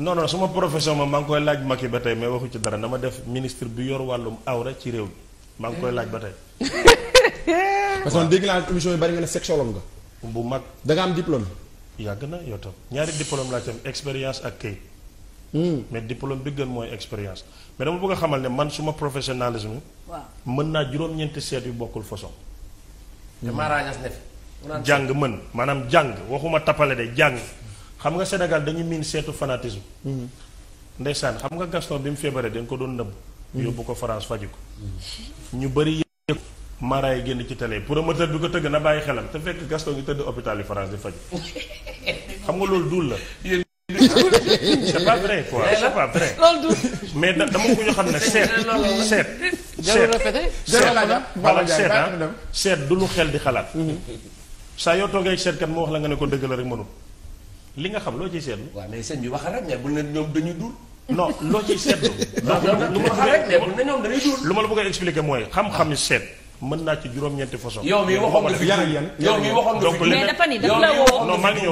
non non suma profession ma maa ngi koy laaj Macky ba tey mais waxu ci dara dama def ministre bi yor wàllum awra ci réew mi maa ngi koy laaj ba tey. parce que dégg naa émission yi bari nga ne sexologue nga. bu mag am diplôme. yàgg na yow tam ñaari diplôme laa expérience ak kayit. Hmm. mais diplôme bi gën mooy expérience mais dama bëgg a xamal ne man suma professionnalisme. waaw mën naa juróom-ñeenti seet yu bokkul façon. te maaraañas ne fi. jàng mën maanaam jàng waxuma tappale de jàng. xam nga Sénégal dañu miin seetu fanatisme. Mm-hmm. ndeysaan xam nga Gaston bi mu feebaree dañ ko doon nëbb. Mm-hmm. yóbbu ko France faji ko. ñu bari yëpp mara yi génn ci télé promoteur bi ko tëgg na bàyyi xelam te fekk Gaston ngi tëdd hôpital yi France di faj. xam nga loolu dul la. c'est pas vrai quoi c'est pas vrai. mais dama ko ñu xam ne seet. seet seet ah. seet du lu xel di xalaat. Mm-hmm. saa yoo toogee seetkat moo wax la nga ne ko dëgg la rek mënul. li nga xam loo ciy seetlu. waaw mais sëñ bi wax rek mais bu ne ñoom dañuy dul. non loo ciy seetlu. non lu ma la bëgg a expliquer mooy xam-xam seet. mën naa ci juróom-ñeenti façon. yow mi waxoon nga fi yow mi waxoon nga fi mais dafa ni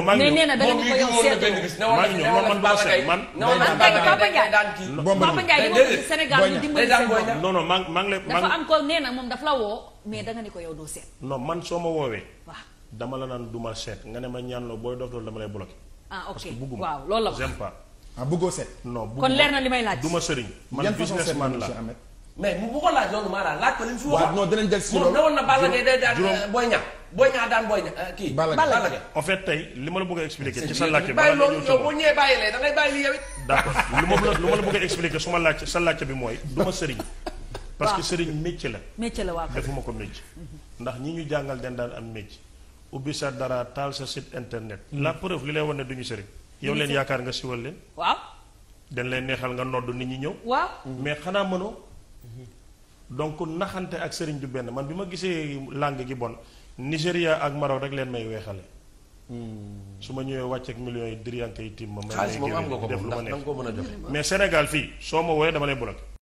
man man seet man. Papa Ndiaye Papa ma gis Sénégal ñu dimbali seen non non am ko nee moom dafa la woo mais danga ni ko yow doo seet. non man soo ma woowee. waaw dama la naan duma seet nga ne ma ñaan loo booy dof loolu dama lay bloqué. ah ok waaw loolu la j'aime pas. ah bëggoo kon leer na li may laaj. du ma sëriñ man businessman la mais bu ko laaj loolu maanaam laaj ko li mu fi wax. waaw non dinañ jël si loolu ne woon na Balla Gaye day daan euh, Boy Niang. Boy Niang daan Boy euh, tey li ma la bëgg a expliquer ci sa laajte. bala nga ñëw ci moom bàyyi loolu lu ma la bëgg a expliquer su ma sa laajte bi mooy du ma sëriñ. parce que sëriñ métier la. métier la waaw defuma ko métier. ndax ñi ñu jàngal den daan am métier ubbi sa dara taal sa site internet. la preuve li lay wan ne du ñu sëriñ. yow leen yaakaar nga siwal leen. waaw. dañ lay neexal nga nodd nit ñi ñëw. waaw mais xanaa mënoo. donc naxante ak sëriñ du benn man bi ma gisee langue gi bon Nigéria ak Maroc rek leen may weexale hmm. su ma ñëwee wàcceeg millions yi diriyanke yi tiim ma. xaalis moom am nga ko def lu ma mais Sénégal fii soo ma wooyee dama lay bloqué.